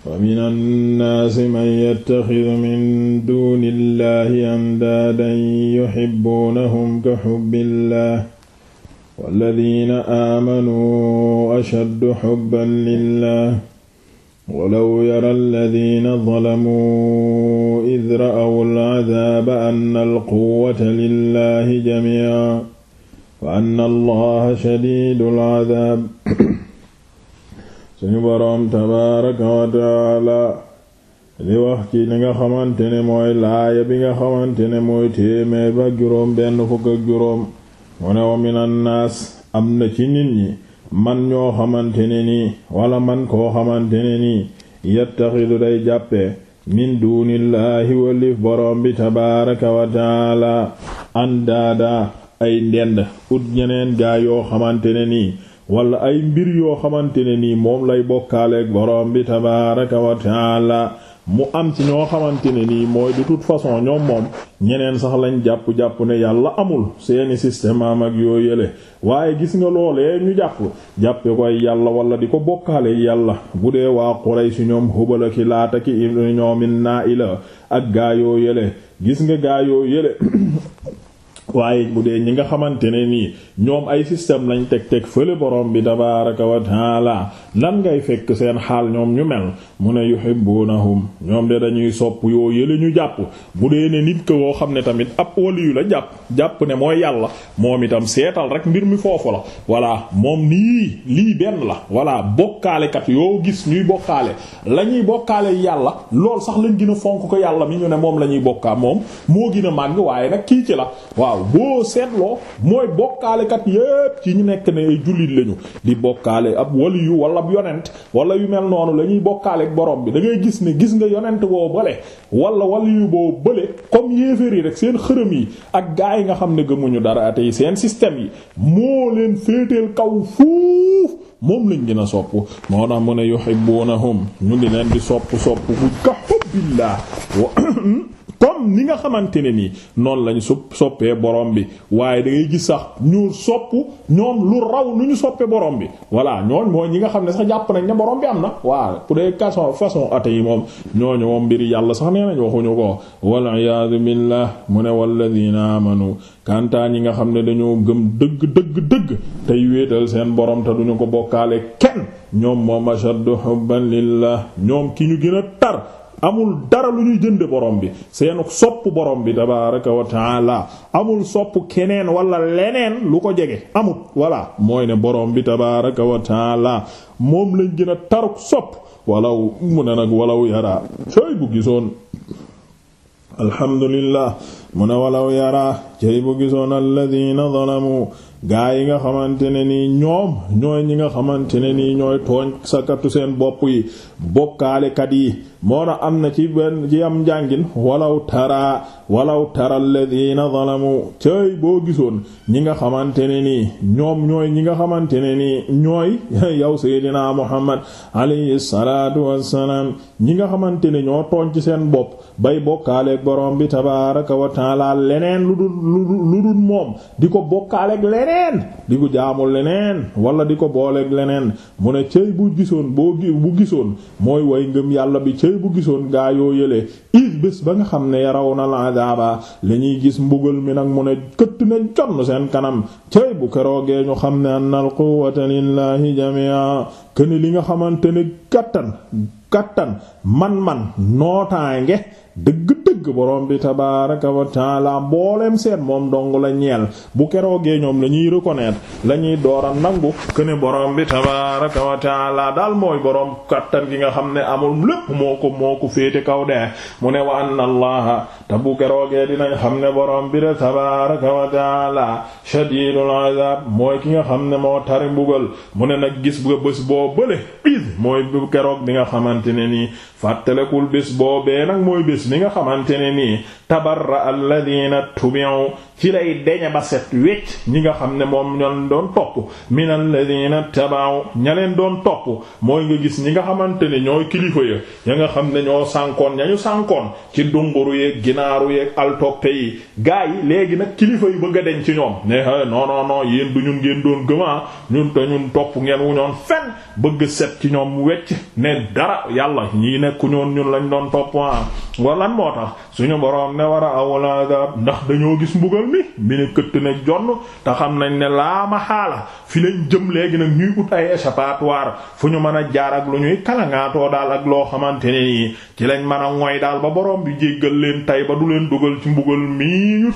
wa min annaasi man yattaxidu min duuni illahi andaadan yuxibbuunahum ka xubbillah walladiina aamanuu ashaddu xubban lillah walaw yara alladiina zalamuu id ra'aw alcadaaba anna alquwwata lillahi jamiican wa anna allaha shadiidul cadaab suñu boroom tabaaraka wa taala di wax ci li nga xamante ne mooy laaya bi nga xamante ne mooy téeméer ba juróom benn fukk ak juróom mu wa minan naas am na ci nit ñi man ñoo xamante ni nii wala man koo xamante ne nii yattaxidu day jàppe min duunillaahi walif boroom bi tabaaraka wa taala andaadaa ay ndend ut ñeneen gaa yoo xamante ne nii wala ay mbir yoo xamante ne nii moom lay bokkaaleeg borom bi tabaaraka wa taala mu am ci ñoo xamante ne nii mooy de façon ñoom moom ñeneen sax lañ jàpp jàpp ne yàlla amul seeni système am ak yoo yële waaye gis nga loolee ñu jàpp jàppe koy yàlla wala di ko bokkaale yàlla bu dee waa si ñoom Hubal ki Laat ki ñoomin naa ila ak gaa yoo yéle gis nga gaa yoo yële waaye bu dee ñi nga xamante ne nii ñoom ay système lañ teg teg fële borom bi tabaaraka wa taala lan ngay fekk seen xaal ñoom ñu mel mu ne yuhibbunahum ñoom de dañuy sopp yoo yële ñu jàpp bu dee ne nit ko woo xam ne tamit ab yu la jàpp jàpp ne mooy yàlla moom itam seetal rek mbir mi foofu la voilà moom nii lii benn la voilà bokkaalekat yoo gis ñuy bokkaale la ñuy bokkaale yàlla lool sax lañ gën fonk ko yàlla mi ñu ne moom la ñuy bokkaa moom moo gën a màgg waaye nag kii la boo seetloo mooy bokkaalekat yépp ci ñu nekk ne ay jullit lañu di bokkaale ab waliyu wala ab yonent wala yu mel noonu la ñuy bokkaale ak borom bi da ngay gis ne gis nga yonent boo bële wala waliyu boo bële comme yéeféer yi rek seen xërëm yi ak gaa yi nga xam ne gëmuñu dara yi seen système yi moo leen féeteel kaw fuuf moom lañ gën a sopp moo naa mu ne yuhibbunahum ñu ngi leen di sopp sopp ku ka hubbillah comme ni nga xamante ne nii noonu lañu sopp soppee borom bi waaye da gis sax ñu sopp ñoom lu raw lu ñu soppee borom bi voilà ñooñ mooy ñi nga xam ne sax jàpp nañ ne borom bi am na waa pour des façon façon athée yi moom ñooñu moom mbir yàlla sax nee nañ waxuñu ko wal iyaadu billah mu ne walladina amanu kantaa ñi nga xam ne dañoo gëm dëgg dëgg dëgg tey wéetal seen borom te duñu ko bokkaale kenn ñoom moom ashaddu hubban lillah ñoom ki ñu gën a tar amul dara lu ñuy jënd borom bi seenu sopp borom bi tabaraka wa taala amul sopp keneen walla leneen lu ko jege amut voilà mooy ne borom bi tabaraka wa taala moom lañ gën a taru sopp walaw mu ne nag walaw yaraa sooy bu gisoon alhamdulillah mu ne walaw yara cey bu gisoon alladina zalamu gaa yi nga xamante ne nii ñoom ñooy ñi nga xamante ne nii ñooy tooñ sakatu seen bopp yi bokkaalekat yi moo am na ci benn ci am njàngin walaw tara walaw tara alladina zalamu cey boo gisoon ñi nga xamante ne nii ñoom ñooy ñi nga xamante ne nii ñooy yow seydinaa ñi nga xamante ne ñoo ci seen bopp bay bokkaaleek borom bi tabaaraka wa taala leneen lu dul lu moom di ko bokkaaleeg leneen di ko jaamul leneen wala di ko booleeg leneen mu ne cëy bu gisoon boo bu gisoon mooy woy ngëm yàlla bi cëy bu gisoon gaa yoo yëlee bés ba nga xam ne yaraw na naa daaba lañuy gis mbugal mi nag mu ne këtt nañ conn seen kanam cëy bu keroogee ñu xam ne annal quwwata lillahi jami'a këni li nga xamante ne kàttan kattan man-man nootaange dëgg-dëgg borom bi tabaraka wa taala mbooleem seet moom dong la ñeel bu keroogee ñoom lañuy ñuy lañuy la ñuy doora nangu këne borom bi tabaraka wa taala daal mooy borom kattan gi nga xam ne amul lépp moo ko moo ko féete kaw dee mu ne wa anna allaha te bu keroogee dinañ xam ne borom bi de tabaraka wa taala shadidul mooy ki nga xam ne moo tari mbugal mu ne nag gis nga bés boo bële is mooy bu keroog bi nga xamante nii fàttalekul bés boobee nag mooy bés mi nga xamante ne nii tabarra alladina tubi'u ci lay deñe ba set wecc ñi nga xam ne moom ñan doon topp min alladina taba'u ña leen doon topp mooy nga gis ñi nga xamante ne ñooy kilifa ya ña nga xam ne ñoo sànkoon ñañu sànkoon ci dunguru yeeg ginaaru yeeg altoppe yi gaa yi léegi nag kilifa yu bëgg a deñ ci ñoom ne non non non yéen du ñun ngeen doon gëmaa ah, ñun te ñun topp ngeen wu ñoon fen bëgg set ci ñoom wecc ne dara yàlla ñii nekku ñoon ñun lañ doon topp ah. wa lan moo ne war a awla adab ndax dañoo gis mbugal mi mi ne këtt ne jonn te xam nañ ne laa ma xaala fi lañ jëm léegi nag ñuy ut ay échappatoire fu ñu mën a jaar ak lu ñuy kalangaatoo daal ak loo xamante ne nii ci lañ mën a moy daal ba borom bi jéggal leen tey ba du leen dugal ci mbugal mii ñu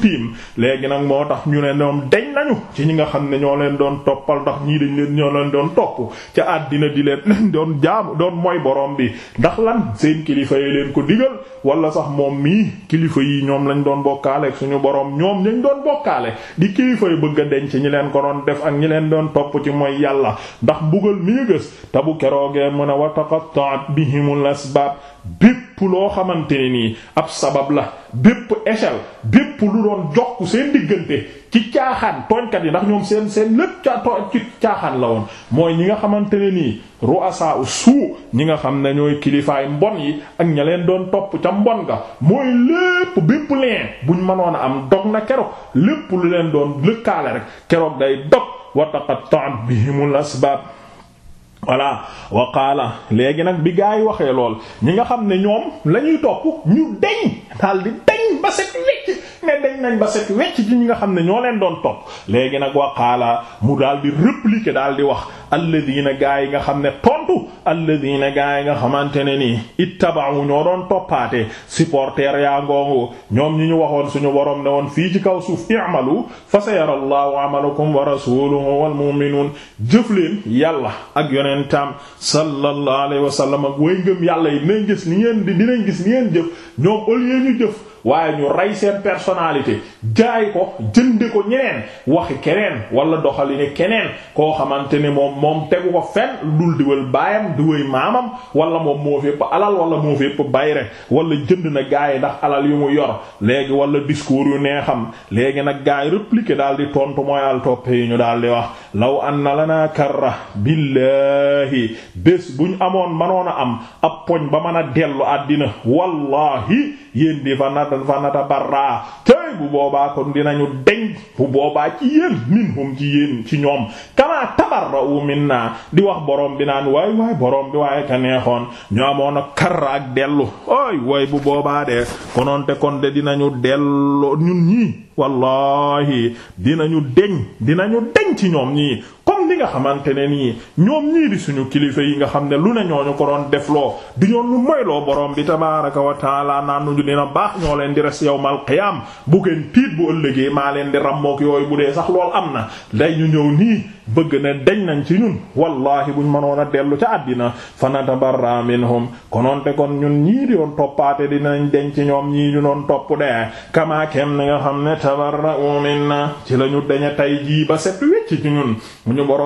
léegi nag moo tax ñu ne ñoom deñ nañu ci ñi nga xam ne ñoo leen doon toppal ndax ñii dañ leen ñoo leen doon topp ca àddina di leen doon jaam doon mooy borom bi ndax lan seen kilifa yi leen ko digal wala sax moom mii kilifa yi yi ñoom lañ doon bokkaale ak suñu borom ñoom ñañ doon bokkaale di kilifa yu bëgg a denc ñi leen ko doon def ak ñi leen doon topp ci mooy yàlla ndax mbugal mi gës te bu keroogee mën a wa taqatta'at bihimul bépp loo xamante nii ab sabab la bépp échelle bépp lu doon jokk seen diggante ci caaxaan tooñkat yi ndax ñoom seen seen lépp ca tooñ ci caaxaan la woon mooy ñi nga xamante ne nii asa u suu ñi nga xam ne ñooy kilifaay mbon yi ak ña leen doon topp ca mbon nga mooy lépp bépp lien buñ mënoon a am dog na keroog lépp lu leen doon lëkkaale rek keroog day dog wa taqatta'at bihimul asbab voilà wa léegi nag bi gaa yi waxee lool ñi nga xam ne ñoom la ñuy topp ñu deñ daal deñ ba set wecc ne deñ nañ ba wecc ci ñi nga xam ne ñoo leen doon topp léegi nag wa qaala mu daal di répliquer daal di wax alladina gaa yi nga xam ne tontu alladina gaa yi nga xamante ne nii ittaba'u ñoo doon toppaate supporter yaa ngoongu ñoom ñi ñu waxoon suñu boroom ne woon fii ci kaw suuf i'malu fa sayara allahu amalakum wa rasuluhu wal mu'minun jëf leen yàlla ak yonentam sallallahu alayhi wa sallam ak way ngëm yàlla yi dinañ gis ni ngeen di dinañ gis ni ngeen jëf ñoom au lieu ñu jëf waaye ñu rey seen personnalité jaay ko jënd ko ñeneen waxi keneen wala doxali ne keneen koo xamante ni moom moom tegu ko fenn dul diwal baayam diway maamam wala moom moo fépp alal wala moo fépp bay rek wala jënd na gaay ndax alal yu mu yor léegi wala discours yu neexam léegi nag gaay répliquer daal di tontu mooy al toppe yi ñu daal di wax law anna lana karra billaahi bés buñ amoon manoon a am ab poñ ba mën a dellu àddina wallahi yéen di fa nata fa nata barra bu boobaa kon dinañu deñ bu boobaa ci yéen minhum ci yéen ci ñoom kama tabarra'u minna di wax borom bi naan waay waay borom bi waaye ka neexoon ñoo amoon a karra ak dellu ooy way bu boobaa de konoonte kon de dinañu dellu ñun ñii wallahi dinañu deñ dinañu deñ ci ñoom ñii nga xamante ne nii ñoom ñii di suñu kilifa yi nga xam ne lu ne ñooñu ko doon defloo di ñoon lu moyloo borom bi tabaaraka wa taala du ñu dina baax ñoo leen di res yawmal qiyaam bu ngeen tiit bu ëllëgee maa leen di rammook yooyu bu dee sax lool am na day ñu ñëw nii bëgg na deñ nañ ci ñun wallahi buñ mënoon a dellu ca àddina fanatabarra minhum konoonte kon ñun ñii di doon toppaate dinañ deñ ci ñoom ñii ñu doon topp dee kamaakem na nga xam ne tabarra'u minna ci lañu daña tay jii ba set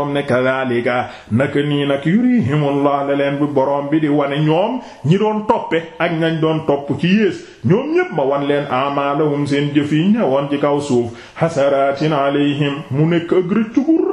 boroom ne naka nii nag yurihimullah la leen bi boroom bi di wane ñoom ñi doon toppe ak ñañ doon topp ci yées ñoom ñépp ma wan leen amalahum seen jëf yi won ci kaw suuf hasaratin alayhim mu nekk ak rëccu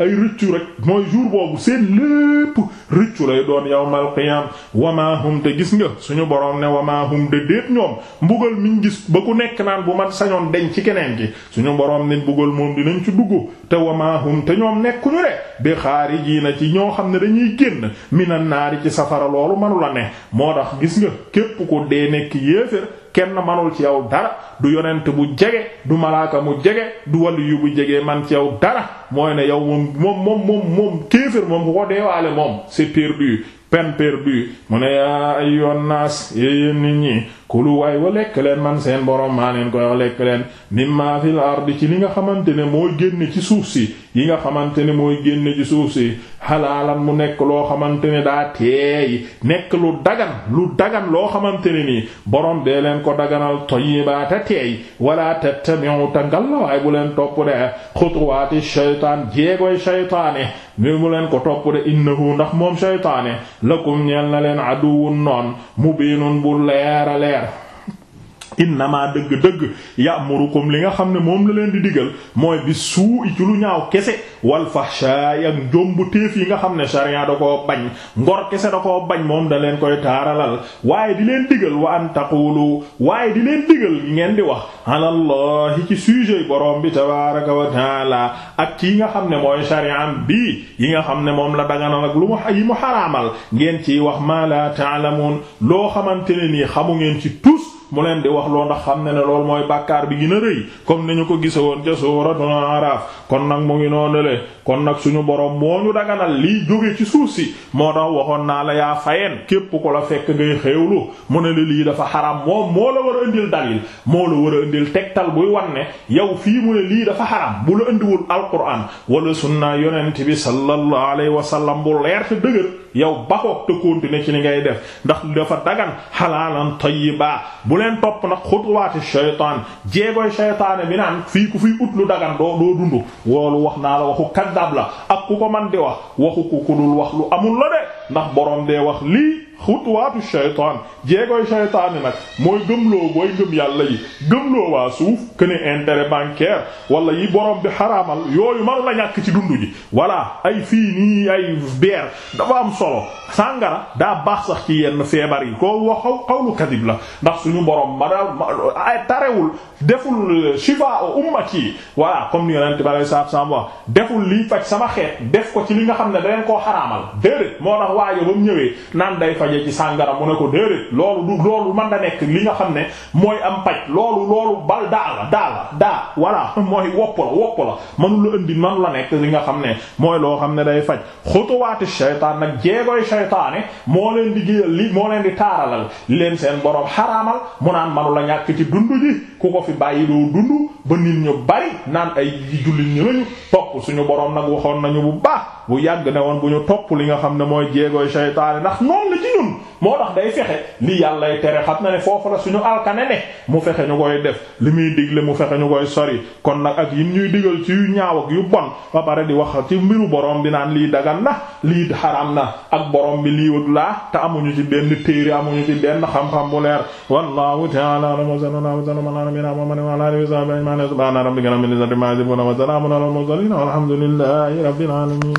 ay rëccu rek mooy jour boobu seen lépp rëccu lay doon yawmal qiyaam wamaahum te gis nga suñu borom ne wamaahum de déet ñoom mbugal miñ gis ba ku nekk naan bu man sañoon deñ ci keneen ki suñu borom ne mbugal moom dinañ ci dugg te wamaahum te ñoom nekkuñu rek bi na ci ñoo xam ne dañuy génn minan naari ci safara loolu manu la ne moo tax gis nga képp ko dee nekk yéefér kenn manul ci yow dara du yonent bu jege du malaaka mu jege du wàllu yi bu jege man ci yow dara mooy ne yow moom moom moom moom moom kéefër moom ku ko deewaale moom c'est perdu peine perdue mu ne yaa ayyuhan naas yéen nit ñi kulu waay wa lekk leen man seen borom maa leen koy wa lekk leen mimma fil ci li nga xamante ne mooy génne ci suuf si yi nga xamante ne mooy génne ci suuf si xalaalan mu nekk loo xamante ne daa teey nekk lu dagan lu dagan loo xamante ne nii borom dee leen ko daganal tayyibaata teey wala tattabi'u tangallawaay bu leen topp de xutuwaati shaytaan jeegoy shaytaane mi mu leen ko topp innahu ndax moom shaytaane lakum ñeel na leen aduwwun noon mubiinun bu leera leer innamaa dëgg-dëgg ya'murukum li nga xam ne moom la leen di digal mooy bi suu i ci lu ñaaw kese wal fahshaay ak njombu téef yi nga xam ne sharia da koo bañ kese da koo bañ moom da leen koy taaralal waaye di leen digal wa an taqulu waaye di leen digal yi ngeen di wax alallahi ci sujet borom bi tabaraka wa taala ak ki nga xam ne mooy shari'am bi yi nga xam ne moom la daganal ak lu mu yi mu xaraamal ngeen ciy wax ma loo xamante nii xamu ngeen ci tous mu leen di wax loo ndax xam ne ne loolu mooy bàkkaar bi gën a rëy comme ni ñu ko gisa woon ca suuratul Araaf kon nag mu ngi noonule kon nag suñu borom moo ñu daganal lii jóge ci suuf si moo tax waxoon naa la yaa fayeen képp ko la fekk ngay xéewlu mu ne la lii dafa xaram moom moo la war a indil dalil moo la war a indil tegtal buy wan ne yow fii mu ne lii dafa xaram bu la indiwul alquran suñ naa yonent bi sallallahu alayhi wa sallam bu leer te yow baxoog te continuer ci li ngay def ndax dafa dagan xalaalan tayyiba bu leen topp nag xutuwaati shaytaan jéegoy shaytaane bi naan fii ku fi ut lu dagan doo doo woolu wax naa la waxu kaddaab la ak ku ko man di wax waxu ku ku wax lu amul la de ndax borom dee wax lii xutuwaatu shaytaan jéegooy shaytaan yi nag mooy gëmloo booy gëm yàlla yi gëmloo waa suuf que ne intérêt bancaire wala yi boroom bi xaraamal yooyu man la ñàkk ci dund ji voilà ay fii nii ay beer dafa am solo sàngara daa baax sax ci yenn feebar yi ko wax xawlu kadib la ndax suñu borom ma daal tarewul deful shifa ummati voilà comme ni yonente ba lay saab saam wax deful liy def ko ci li nga xam ne da leen koo day faj pajee ci sàngara mu ne ko déedéet loolu du loolu man na nekk li nga xam ne mooy am paj loolu loolu bal daa la daa la daa voilà mooy wopp la wopp la manu la indi manu la nekk li nga xam ne mooy loo xam ne day faj xutuwaati shaytaan nag jeegoy shaytaane moo leen di géyal li moo leen di taaralal leen seen borom xaraamal mu naan manu la ñàkk ci dund ji ku ko fi bàyyi doo dund ba nit ñu bari naan ay jullit ñu lañu topp suñu boroom nag waxoon nañu bu baax bu yàgg ne woon bu ñu topp li nga xam ne mooy jéegooy seytaane ndax noonu la ci ñun moo tax day fexe li yàllay tere xam na ne foofu la suñu alkane ne mu fexe ñu koy def li muy digle mu fexe ñu koy sori kon nag ak yi ñuy digal ci yu ñaaw ak yu bon ba pare di wax ci mbiru boroom bi naan lii dagan na lii xaram na ak borom bi lii wut laa te amuñu ci benn téere amuñu ci benn xam-xam bu leer wallahu ta'ala a'lam wa sallallahu alayhi wa sallam ala nabiyyina muhammadin wa ala alihi wa sahbihi ajma'in subhana rabbika rabbil izzati amma yasifun wa salamun